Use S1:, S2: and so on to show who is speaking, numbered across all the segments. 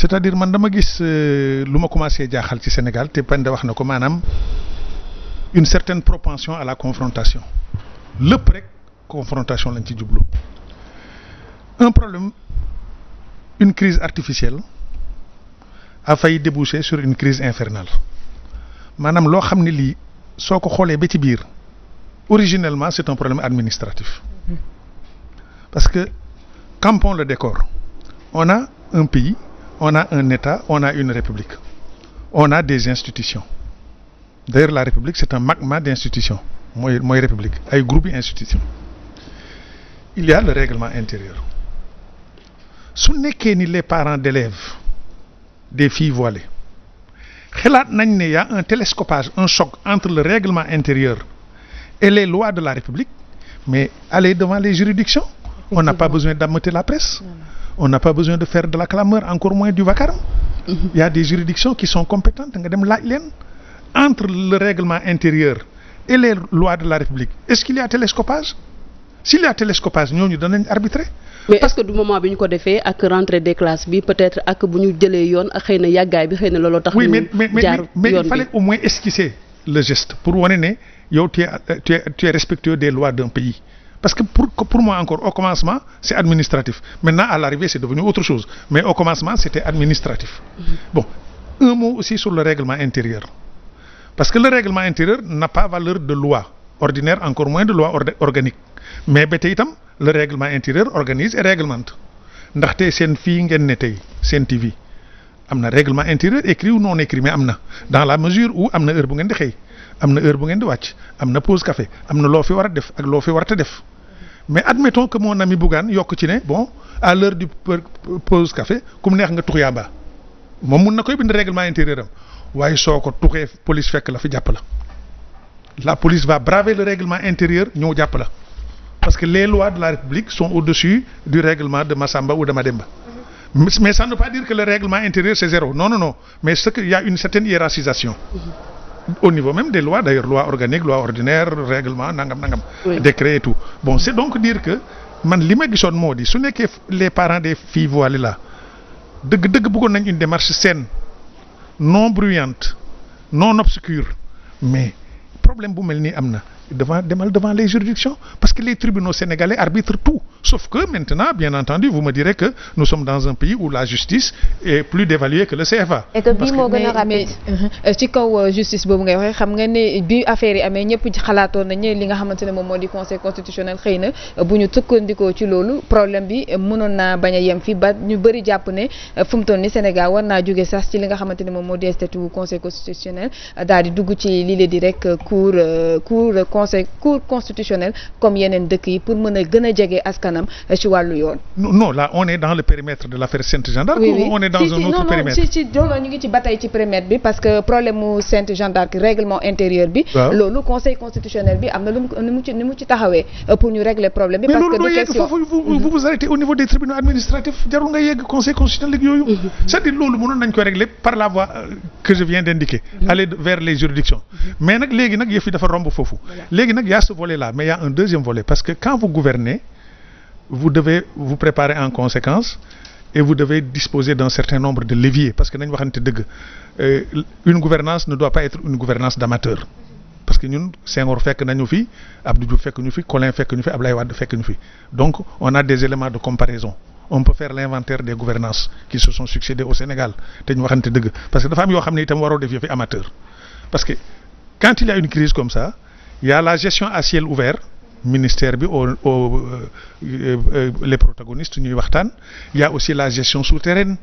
S1: c'est-à-dire man dama gis euh, lu ma commencé jaaxal ci Sénégal te Penda wax na ko maanaam une certaine propension à la confrontation lépp rek confrontation lañ ci jublu un problème une crise artificielle a failli déboucher sur une crise infernale maanaam loo xam ne lii soo ko xoolee ba ci biir originellement c'est un problème administratif mm-hmm. parce que campon le décor on a un pays on a un État, on a une République. On a des institutions. D'ailleurs, la République, c'est un magma d'institutions. Moi, moi, République, un groupe d'institutions. Il y a le règlement intérieur. su nekkee ni les parents d'élèves des filles voilées xalaat nañ ne y a un télescopage un choc entre le règlement intérieur et les lois de la République mais aller devant les juridictions on n'a pas besoin d'ameuter la presse on n'a pas besoin de faire de la clameur encore moins du vacarme mhm. il mmh. a des juridictions qui sont compétentes nga dem laaj leen entre le règlement intérieur et les lois de la République est-ce qu'il y a télescopage s'il y a télescopage ñooñu danañ arbitrer
S2: mais est-ce que du moment bi ñu ko defee ak rentrée des classes bi peut-être ak bu ñu jëlee yoon ak xëy na yàggaay bi xëy na looloo tax. ñu jaar yoon bi mais il fallait
S1: au moins esquisser le geste pour wane ne yow tu es euh, tu es tu es respectueux Parce que pour, pour moi encore, au commencement, c'est administratif. Maintenant, à l'arrivée, c'est devenu autre chose. Mais au commencement, c'était administratif. Mmh. Bon, un mot aussi sur le règlement intérieur. Parce que le règlement intérieur n'a pas valeur de loi ordinaire, encore moins de loi organique. Mais le règlement intérieur organise et réglemente. ndaxte seen fii ngeen ne tey seen TV am na règlement intérieur écrit ou non écrit mais am na dans la mesure où am na heure bu ngeen di xëy am na heure bu ngeen di wàcc am na pause café am na loo fi war a def ak loo fi war a def mais admettons que mon ami Bougane yokk ci ne bon à l'heure du pause café ku mu neex nga tux yàmba moom mun na koy bind règlement intérieur waaye soo ko tuxee police fekk la fi jàpp la la police va braver le règlement intérieur ñëw jàpp la parce que les la République sont au de Massamba ou de Mademba mais ça ne veut pas dire que le règlement intérieur c'est zéro non non no mais ce qu'il y a une certaine hiérarchisation au niveau même des lois d'ailleurs loi organique loi ordinaire règlement nangam nangam. Oui. décret tout bon c'est donc dire que man li ma gisoon moo di su nekkee les parents des filles voilées là dëgg-dëgg bëggoon nañ une démarche saine non bruyante non obscure mais problème bu mel ni am na. devant, devant les juridictions, parce que les tribunaux sénégalais arbitrent tout. Sauf que maintenant, bien entendu, vous me direz que nous sommes dans un pays où la justice est plus dévaluée que le CFA.
S3: et que moo gën a rapide euh, ci kaw euh, justice boobu ngay waxee xam nga ne bi affaire yi amee ñëpp xalaatoon nañu li nga xamante ne moom moo di conseil constitutionnel xëy na euh, bu ñu tukkandikoo ci loolu problème bi mënoon naa bañ yem fii ba ñu bëri jàpp ne fu conseil constitutionnel comme yeneen dëkk yi pour mën a gën a jege askanam ci wàllu yoon.
S1: non là on est dans le périmètre de l'affaire Sainte Jeanne d'Arc. oui oui si,
S3: un si, autre conseil constitutionnel bi am na lu mu ci taxawee euh, pour ñu régler problème bi. parce que du question mais mhm. mhm. loolu
S1: doo yegg nañ ko régler par la voie euh, que je viens d'indiquer. Mhm. aller vers les juridictions mais nag léegi nag yëf yi dafa romb foofu. léegi nag yaa a ce volet là mais y a un deuxième volet parce que quand vous gouvernez vous devez vous préparer en conséquence et vous devez disposer d'un certain nombre de leviers parce que nañ waxante dëgg euh, une gouvernance ne doit pas être une gouvernance d'amateur parce que ñun Senghor fekk nañu fi Abdou fekk ñu fi Collin fekk ñu fi Ablaye Wade fekk ñu fi donc on a des éléments de comparaison on peut faire l'inventaire des gouvernances qui se sont succédé au Sénégal te ñu waxante que dafa am xam ne itam waroo def yëfi amateur parce que quand il comme ça y la gestion à ciel ouvert ministère bi o au euh, euh, les protagonistes ñuy waxtaan y a aussi la gestion souterraine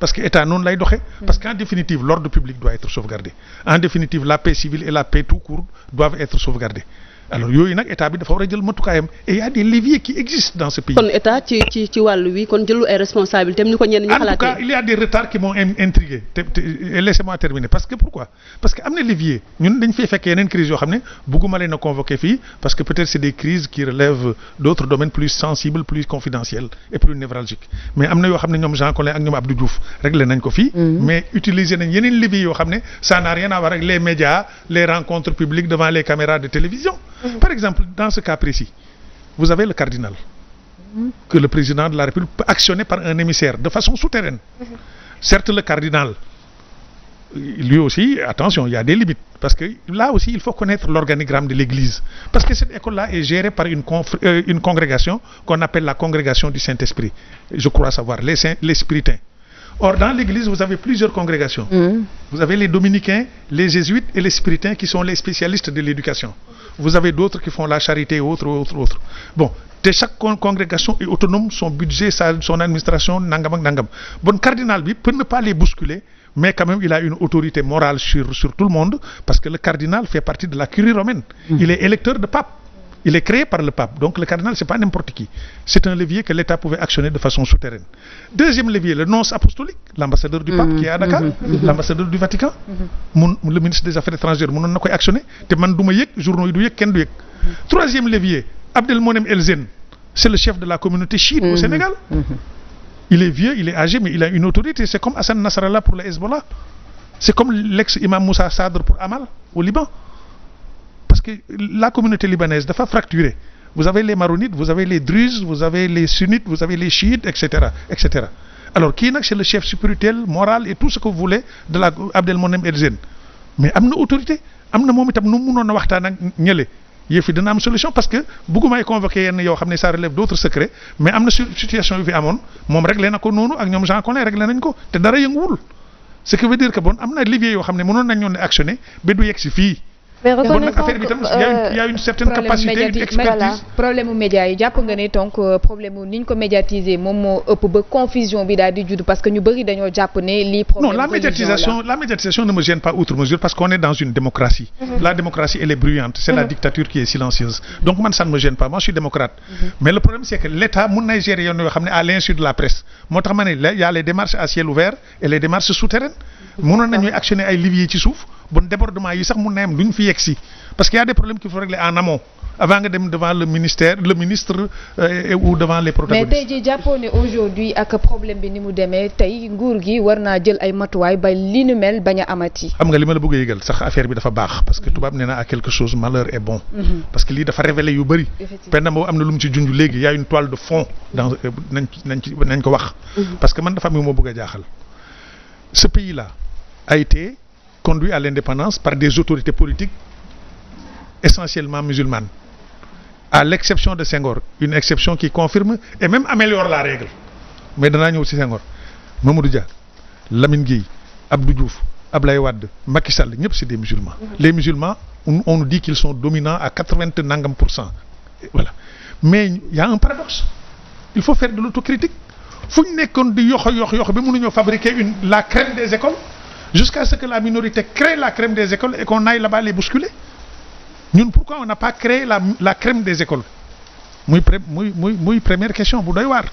S1: parce que état noonu lay doxe parce qu'en définitive l'ordre public doit être sauvegardé en définitive la paix civile et la paix tout court doivent être sauvegardées alors yooyu nag état bi dafa war a jël matukaayam et y a des leviers qui existent dans ce pays. kon
S2: état ci ci ci wàllu wi kon jëlu ay responsabilités ni ko ñenn ñi xalaatee. en
S1: tout cas a des retards qui fekk yeneen crise yoo xam ne bugguma leen a convoqué fii parce que peut-être c'est des crises qui relèvent d'autres domaines plus sensibles plus confidentiels et plus névralgiques mais am na yoo xam ne ñoom Jean Collin ak ñoom Abdou Diouf réglé nañ ko fii. Mm-hmm. mais utiliser nañ yeneen leviers yoo Mm-hmm. Par exemple, dans ce cas précis, vous avez le cardinal mm-hmm. que le président de la République peut actionner par un émissaire de façon souterraine. Mm-hmm. Certes, le cardinal, lui aussi, attention, il y a des limites. Parce que là aussi, il faut connaître l'organigramme de l'Église. Parce que cette école-là est gérée par une, euh, une congrégation qu'on appelle la congrégation du Saint-Esprit. Je crois savoir, les, spiritains. Or, dans l'Église, vous avez plusieurs congrégations. Mmh. vous avez d'autres qui font la charité, autres, autres, autres. Bon, te chaque congrégation est autonome, son budget, sa, son administration, nangam, nangam. Bon, cardinal, lui, peut ne pas les bousculer, mais quand même, il a une autorité morale sur, sur tout le monde, parce que le cardinal fait partie de la curie romaine. Mm. Il est électeur de pape. Il est créé par le pape. Donc le cardinal, c'est pas n'importe qui. C'est un levier que l'État pouvait actionner de façon souterraine. Deuxième levier, le nonce apostolique, l'ambassadeur du pape mm-hmm. qui est à Dakar, mm-hmm. Mm-hmm. l'ambassadeur du Vatican, le ministre des Affaires étrangères, mon nom actionné. Te man duma yek, journaux du yek, ken du yek. Troisième levier, Abdelmonem Elzen, c'est le chef de la communauté chiite au Sénégal. Il est vieux, il est âgé, mais pour le la communauté libanaise dafa fracturée vous avez les maronites vous avez les druzes vous avez les sunnites vous avez les chiites et cetera alors kii nag c'est le chef spirituel moral et tout ce que vous de la Abdelmonem El mais am na autorité am na moom itam nu mu mënoon a waxtaan ak ñële solution parce que bëggumaay convoqué yenn yoo xam ne ça relève d'autres secrets mais am na situation yu fi amoon moom réglé ko noonu ak ñoom Jean Collin mais reconnaissance affaire bi tam y a une certaine capacité une expertise
S3: problème média yi jàpp nga ne donc euh, problème ni ñu ko médiatiser moom moo ëpp ba confusion bi daal di parce que ñu bëri dañoo jàpp ne lii. problème non la médiatisation
S1: ne me gêne pas outre mesure parce qu'on est dans une démocratie. Mm-hmm. la démocratie est bruyante. c'est la mm-hmm. dictature qui est silencieuse. donc man ça ne me gêne pas moi suis démocrate. Mm-hmm. mais le problème c'est que l'État mun nay gérer yoon yoo xam bon débordement yi sax mun na am duñ fi yegg si parce que y a des problèmes qu'il faut régler en amont avant nga dem devant le ministère le ministre euh, ou devant les protagonistes.
S3: mais tey jàppoo ne aujourd'hui ak problème bi ni mu demee tey nguur gi war naa jël ay matuwaay ba li nu mel bañ a amati.
S1: am nga li ma la bëgg a yëgal sax affaire bi dafa baax parce que mhm. tubaab nee na à quelque chose malheur est bon. Mhm. parce que lii dafa révélé yu bëri. pendant boobu am na lu mu ci junj léegi y a une toile de fond dans euh, mhm. que man dafa am yu ma bëgg a jaaxal ce pays conduit à l'indépendance par des autorités politiques essentiellement musulmanes, à l'exception de Senghor, une exception qui confirme et même améliore la règle. Mais danaa ñëw ci Senghor Mamadou Dia Lamine Guèye Abdou Diouf Ablaye Wade Macky Sall ñëpp c'est des musulmans. Les musulmans on nous dit qu'ils sont dominants à nangam pour cent voilà mais il y a un paradoxe il faut faire de l'autocritique fu nekkoon di yoxo yoxo yoxo bi mënuñoo fabriquer une la crème des écoles. jusqu'à ce que la minorité crée la crème des écoles et qu'on aille là-bas bousculer ñun pourquoi on n'a pas créé la la crème des écoles muy muy muy muy première question bu doy waar.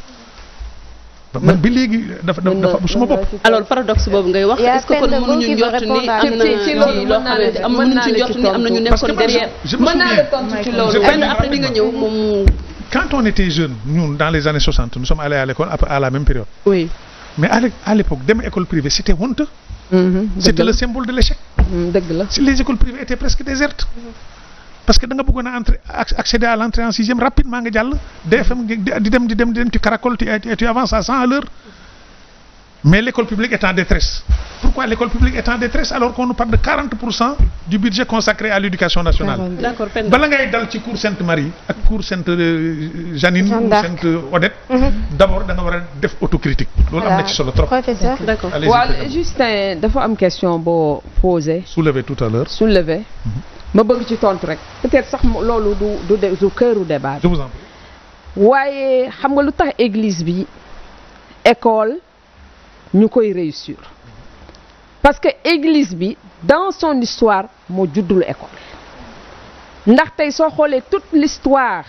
S1: man bi léegi dafa dafa suma bopp. alors paradoxe boobu ngay wax est-ce que kon mënuñu njort ni am na ci loolu mën naa la mënuñu ci ni am na ñu nekkoon derrière. mën naa la tontu ci loolu nga ñëw moom. quand on était jeune dans les années nous sommes allés à l'école à la même période. mais à l'époque dem école privée c'était honteux mm-hmm. c'était le symbole de l'échec mm, les écoles privées étaient presque désertes parce que da nga bëggoon a entrer accéder à l'entrée en sixième rapidement nga jàll DFM di dem di dem di dem tu caracoles tu avances à cent à l'heure Mais l'école publique est en détresse. Pourquoi l'école publique est en détresse alors qu'on nous parle de 40% du budget consacré à l'éducation nationale D'accord, bala ngay dal ci cour Sainte-Marie ak cour Sainte Janine cour Sainte Odette mhm. d'abord da nga war a autocritique loolu am d'accord waaw
S4: Justin dafa am question boo posé soulevé tout à l'heure mhm. ma bëgg ci tontu rek peut-être sax loolu du du du këru débat je vous en prie waaye xam nga lu tax église bi école ñu koy réussir parce que église bi dans son histoire moo juddul école ndax tey soo xoolee toute l'histoire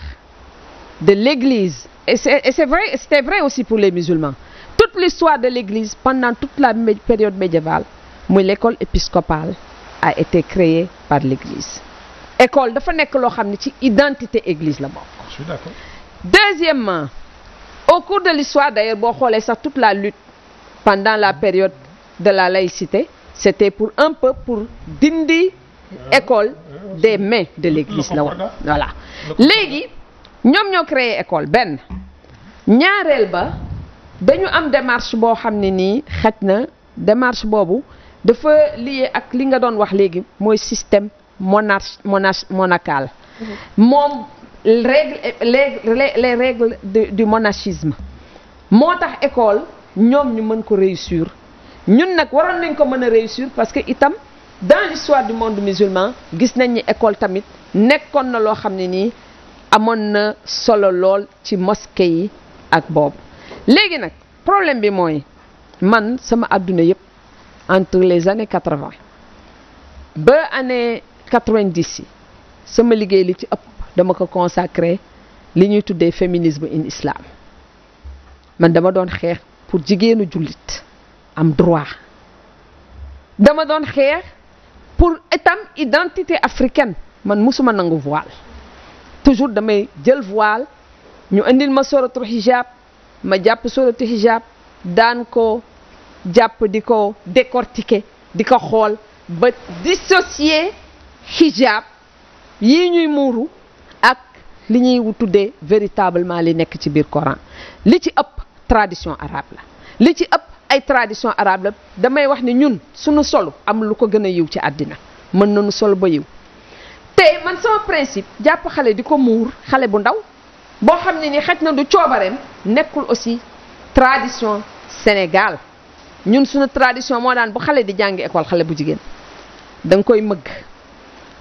S4: de l'église et c'est et c'est vrai aussi pour les musulmans toute l'histoire de l'église pendant toute la période médiévale muy l'école épiscopale a été créée par l'église école dafa nekk loo xam ne ci identité église la bokk. je suis d'accord. deuxièmement au cours de l'histoire d'ailleurs boo xoolee sax toute la lutte pendant la période de la laïcité c'était pour un peu pour dindi école des mains de l'église la woon voilà léegi ñoom ñoo créé école benn ñaareel ba dañu am démarche boo xam ne nii xaj na démarche boobu dafa lié ak li nga doon wax léegi mooy système monarch monarch monacal moom règle les les règles du monachisme moo tax école ñoom ñu mën ko réussir ñun nag waral nañ ko mën a réussir parce que itam dans l'histoire du monde musulman gis nañu ni école tamit nekkoon na loo xam ne nii amoon na solo lool ci mosquée yi ak boobu léegi nag problème bi mooy man sama àdduna yëpp entre les années quatre-vingt ba année quatre-vingt-dix yi sama liggéey li ci ëpp dama ko consacré li ñuy tuddee féminisme in islam man dama doon xeex pour jigéenu jullit am droit dama doon xeex pour itam identité africaine man musuma nangu voile toujours damay jël voile ñu indil ma soratu hijab ma jàpp soratu hijab daan ko jàpp di ko décortiquer di ko xool ba dissocier hijab yii ñuy muuru ak li ñuy tuddee véritablement li nekk ci biir Coran li ci ëpp tradition arabe la li ci ëpp ay tradition arabe la damay wax ni ñun suñu solu am lu ko gën a yiw ci àddina mën nañu solu ba yiw te man sama principe jàpp xale di ko muur xale bu ndaw boo xam ne ni xaj na du coobareem nekkul aussi tradition Sénégal ñun suñu tradition moo daan bu xale di jàngi école xale bu jigéen da nga koy mëgg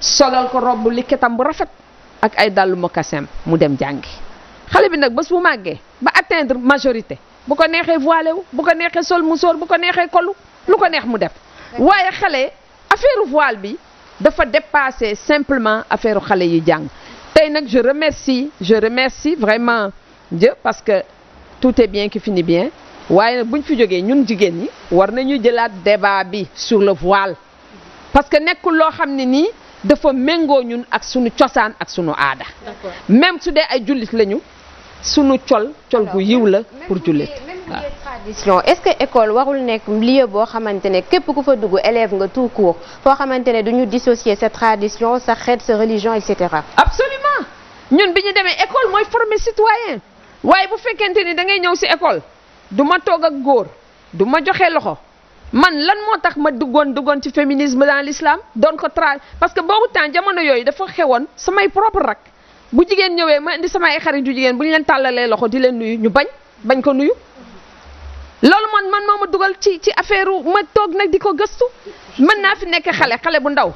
S4: solal ko robb li ketam bu rafet ak ay dàllu mocassin mu dem jàngi xale bi nag bés bu màggee ba atteindre majorité bu ko neexee voilé wu bu ko neexee sol musóor bu ko neexee kolu lu ko neex mu def waaye xale affaire voile bi dafa dépasser simplement affaire xale yi jàng tey nag je remercie je remercie vraiment Dieu parce que tout est bien qui fini bien waaye nag bu ñu fi jógee ñun jigéen ñi war nañu jëlaat débat bi sur le voile parce que nekkul loo xam ne nii dafa méngoo ñun ak sunu cosaan ak sunu aada même su dee ay jullit lañu sunu col col gu yiw la pour jullit waaw ah. tradition est-ce que école warul nekk
S3: lieu boo xamante ne képp ku fa dugg élève nga tout court foo xamante ne duñu dissocier sa tradition sa xeet sa religion et cetera
S4: absolument ñun bi ñu demee école mooy former citoyen waaye bu fekkente ni da ngay ñëw si école du ma toog ak góor du ma joxe loxo man lan moo tax ma duggoon duggoon ci féminisme dans l'islam doon ko tra parce que boobu temps jamono yooyu dafa xewoon samay propre rak bu jigéen ñëwee ma indi sama ay xarit yu jigéen bu ñu leen tàllalee loxo di leen nuyu ñu bañ bañ ko nuyu loolu man man moo ma dugal ci ci affaire ma toog nag di ko gëstu mën naa fi nekk xale xale bu ndaw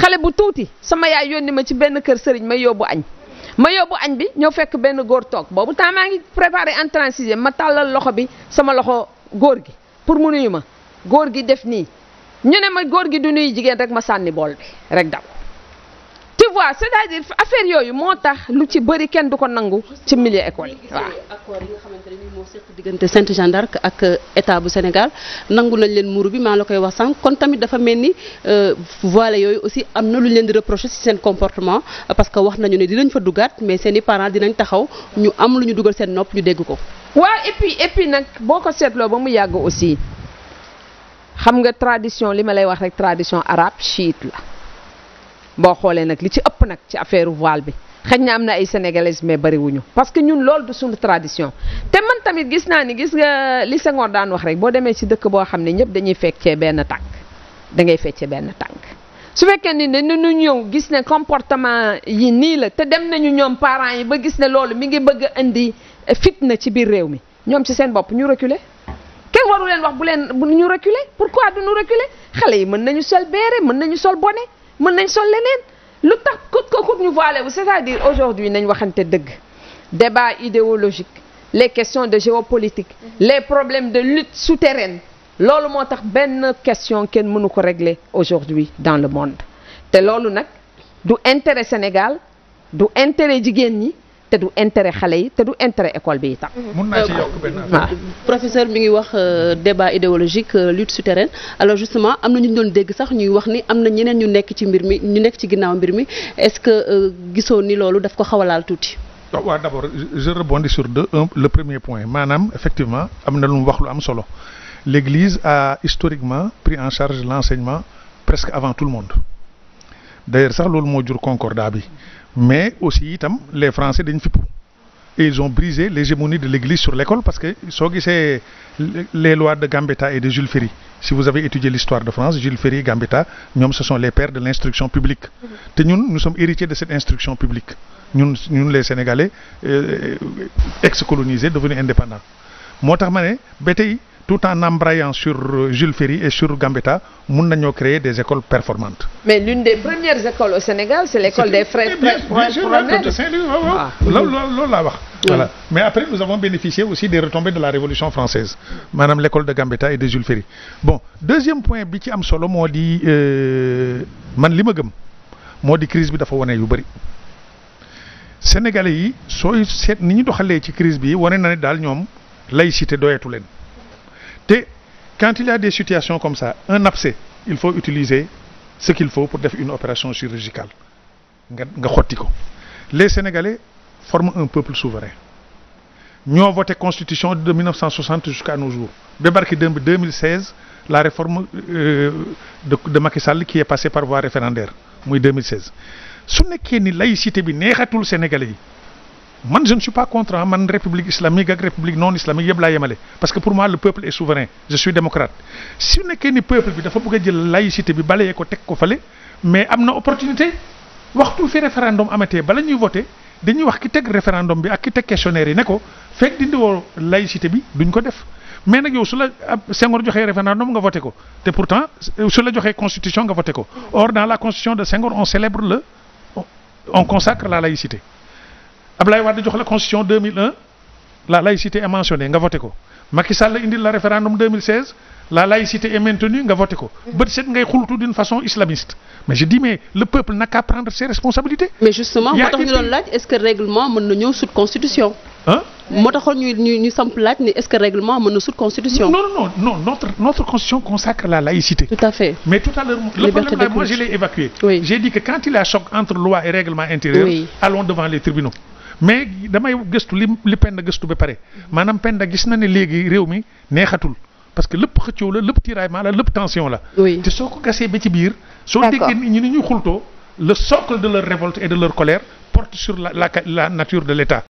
S4: xale bu tuuti sama yaay yónni ma ci benn kër sëriñ ma yóbbu añ ma yóbbu añ bi ñëw fekk benn góor toog boobu temps maa ngi préparé entrée en ma tàllal loxo bi sama loxo góor gi pour mu nuyu ma góor gi def nii ñu ne ma góor gi du nuyu jigéen rek ma sànni bool bi rek daw vois c'est-à-dire
S2: affaire yooyu moo tax lu ci bëri kenn du ko nangu ci milieu école yi waaw. diggante Sainte Jeanne ak euh, état bu Sénégal nangu nañ leen muuru bi maa la koy wax sànq kon tamit dafa mel ni euh, voile yooyu aussi am na lu ñu leen di reproché ci seen comportement parce que wax nañu ni dinañ fa dugaat mais seen i parent dinañ taxaw ñu am lu ñu dugal seen nopp ñu dégg ko. waaw et puis nag boo ko seetloo ba mu yàgg aussi
S4: xam nga tradition li ma lay wax rek tradition arabe la. boo xoolee nag li ci ëpp nag ci affaire voile bi xëy na am na ay sénégalaises mais bariwuñu parce que ñun lool du suñu tradition te man tamit gis naa ni gis nga li Senghor daan wax rek boo demee ci dëkk boo xam ne ñëpp dañuy fekkee benn tànk da ngay fekkee benn tànk su fekkee ni ne ñu ñëw gis ne comportement yi nii la te dem nañu ñoom parent yi ba gis ne loolu mi ngi bëgg a indi fitna ci biir réew mi ñoom ci seen bopp ñu reculer kenn waru leen wax bu leen ñu reculer pourquoi du ñu xale yi mën nañu sol béere mën nañu sol bonnet mën nañ sol leneen lu tax kut ko kut ñu voilé wu c'est-à-dire aujourd'hui nañ waxante dëgg débat idéologique les questions de géopolitique mm-hmm. les problèmes de lutte souterraine loolu moo tax benn question kenn mënu ko régler aujourd'hui dans le monde te loolu nag du intérêt Sénégal du intérêt jigéen ñi te du intérêt xale yi te du intérêt école bi itam. mun
S2: naa ci yokk benn professeur mi ngi wax euh, débat idéologique euh, lutte souterraine alors justement am na ñu doon dégg sax ñuy wax ni am na ñeneen ñu nekk ci mbir mi ñu nekk ci ginnaaw mbir mi est-ce que euh, gisoo ni loolu daf ko xaw a laal tuuti.
S1: waaw d'abord je rebondis sur deux le premier point maanaam effectivement am na lu mu wax lu am solo l'Église a historiquement pris en charge l'enseignement presque avant tout le monde sax loolu moo jur concordat bi. mais aussi itam les français dañ fippu et ils ont brisé l'hégémonie de l'église sur l'école parce que soo gisee les lois de Gambetta et de Jules Ferry si vous avez étudié l'histoire de France Jules Ferry Gambetta ñoom ce sont les pères de l'instruction publique te ñun nous sommes héritiers de cette instruction publique ñun ñun les Sénégalais euh, euh, ex-colonisés devenus indépendants moo tax ma ne tout en embrayant sur Jules Ferry et sur Gambetta mun nañoo créer des écoles performantes.
S4: mais l'une des premières écoles au Sénégal c'est l'école des frères prophètes de
S1: ah. loolu laa wax. voilà mais après nous avons bénéficié aussi de la Révolution française maanaam l'école de Gambetta et de Jules Ferry bon deuxième point bi ci am solo moo di euh, man li ma gëm moo di crise bi dafa wane yu bëri. Sénégalais yi sooy seet ni ñu doxalee ci crise bi wane na ne daal ñoom laïcité doyatu leen. te quand il y a des situations comme ça un abcès il faut utiliser ce qu'il faut pour def une opération chirurgicale nga nga xotti ko les sénégalais forment un peuple souverain ñoo voté constitution de 1960 jusqu'à nos jours débarqué démb 2016 la réforme euh, de de Macky Sall qui est passée par voie référendaire muy 2016 su nekkee ni laïcité bi neexatul sénégalais yi. man je ne suis pas contre ah man république islamique ak république non islamique yëpp laa yemale parce que pour moi le peuple est souverain je suis démocrate su nekkee ni peuple bi dafa bëgg jël laïcité bi balayee ko teg ko fale mais am na opportunité waxtu fi référendum amatee bala ñuy voté dañuy wax ki teg référendum bi ak ki teg questionnaire yi ne ko fekk dindi woo laïcité bi duñ ko def mais nag yow su la Senghor joxee référendum nga voté ko te pourtant su la joxee constitution nga voté ko or dans la constitution de on célèbre on consacre la laïcité Ablaye Wade jox la constitution 2001 la laïcité est mentionnée nga voté ko Macky Sall indil la référendum 2016 la laïcité est maintenue nga voté ko. bët set ngay xultu d'une façon islamiste mais je dis mais le peuple n'a prendre ses responsabilités. mais justement moo tax
S2: ñu constitution. ah moo taxoon ñuy ni est-ce que règlement mën na sous constitution.
S1: non non non notre constitution consacre la laïcité. tout à fait mais tout à l'heure le problème là mais damay gëstu li li Penda gëstu ba pare maanaam a gis na ne léegi réew mi neexatul parce que lépp xëccoo la lépp tiraillement la lépp tension la. te soo ko gasee ba ci biir. soo déggee ñu ni ñuy xultoo le socle de leur révolte et de leur colère porte sur la la la nature de l'État.